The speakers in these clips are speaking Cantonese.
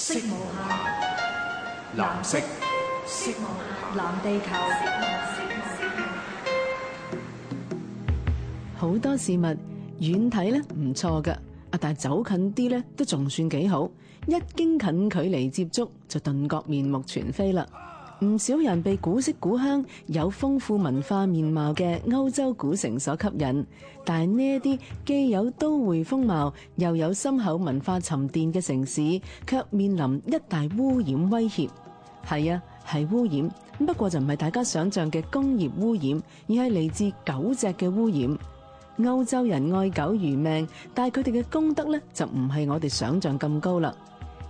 色無限，藍色，藍地球。好多事物遠睇咧唔錯㗎，啊，但係走近啲咧都仲算幾好，一經近距離接觸就頓覺面目全非啦。唔少人被古色古香、有豐富文化面貌嘅歐洲古城所吸引，但呢啲既有都會風貌，又有深厚文化沉澱嘅城市，卻面臨一大污染威脅。係啊，係污染。不過就唔係大家想像嘅工業污染，而係嚟自狗隻嘅污染。歐洲人愛狗如命，但係佢哋嘅功德咧，就唔係我哋想像咁高啦。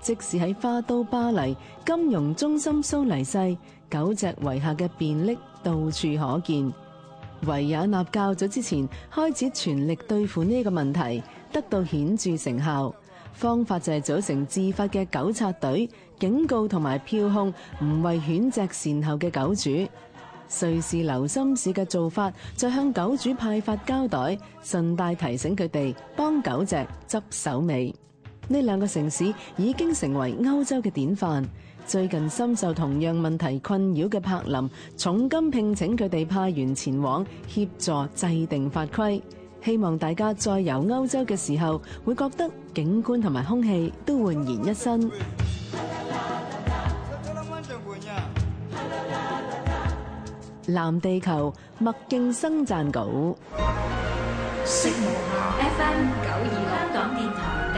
即使喺花都巴黎、金融中心蘇黎世，狗隻遺下嘅便溺到處可見。維也納較早之前開始全力對付呢個問題，得到顯著成效。方法就係組成自發嘅狗察隊，警告同埋票控唔為犬隻善後嘅狗主。瑞士琉森市嘅做法，再向狗主派發膠袋，順帶提醒佢哋幫狗隻執手尾。呢兩個城市已經成為歐洲嘅典範。最近深受同樣問題困擾嘅柏林，重金聘請佢哋派員前往協助制定法規，希望大家再遊歐洲嘅時候，會覺得景觀同埋空氣都煥然一新。藍地球麥勁生撰稿。色無限 FM 九二六香港電台。